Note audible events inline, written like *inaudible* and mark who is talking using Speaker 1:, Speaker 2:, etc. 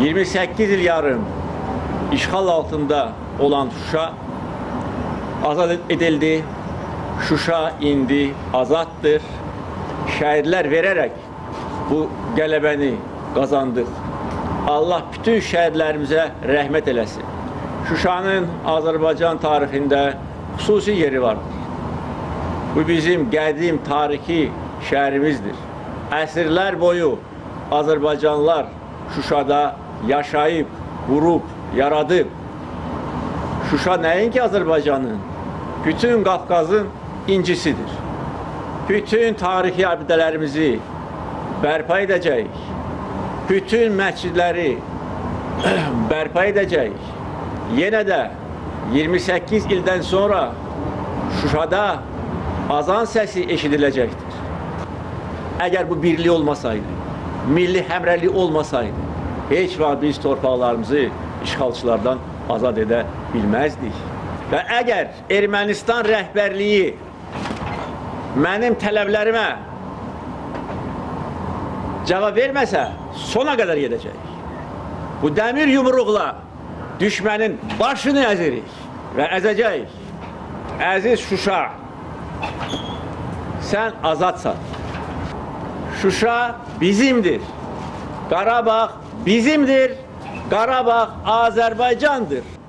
Speaker 1: 28 il yarım işğal altında olan Şuşa azad edildi. Şuşa indi azaddır. Şəhidlər verərək bu qələbəni qazandıq. Allah bütün şəhidlərimizə rəhmət eləsin. Şuşanın Azərbaycan tarixində xüsusi yeri vardır. Bu bizim qədim tarixi şəhərimizdir. Əsrlər boyu Azərbaycanlılar Şuşada yaşayıb, qurub, yaradıb. Şuşa nəinki Azərbaycanın, bütün Qafqazın incisidir. Bütün tarixi abidələrimizi bərpa edəcəyik. Bütün məscidləri *clears throat* bərpa edəcəyik. Yenə də 28 ildən sonra Şuşada azan səsi eşidiləcəkdir. Əgər bu birlik olmasaydı, milli həmrəlik olmasaydı, heç vaxt biz torpaqlarımızı işğalçılardan azad edə bilməzdik. Və əgər Ermənistan rəhbərliyi mənim tələblərimə cavab verməsə, sona qədər gedəcək. Bu dəmir yumruqla düşmənin başını əzirik və əzəcəyik. Əziz Şuşa, sən azadsan. Şuşa bizimdir. Karabağ bizimdir. Karabağ Azerbaycan'dır.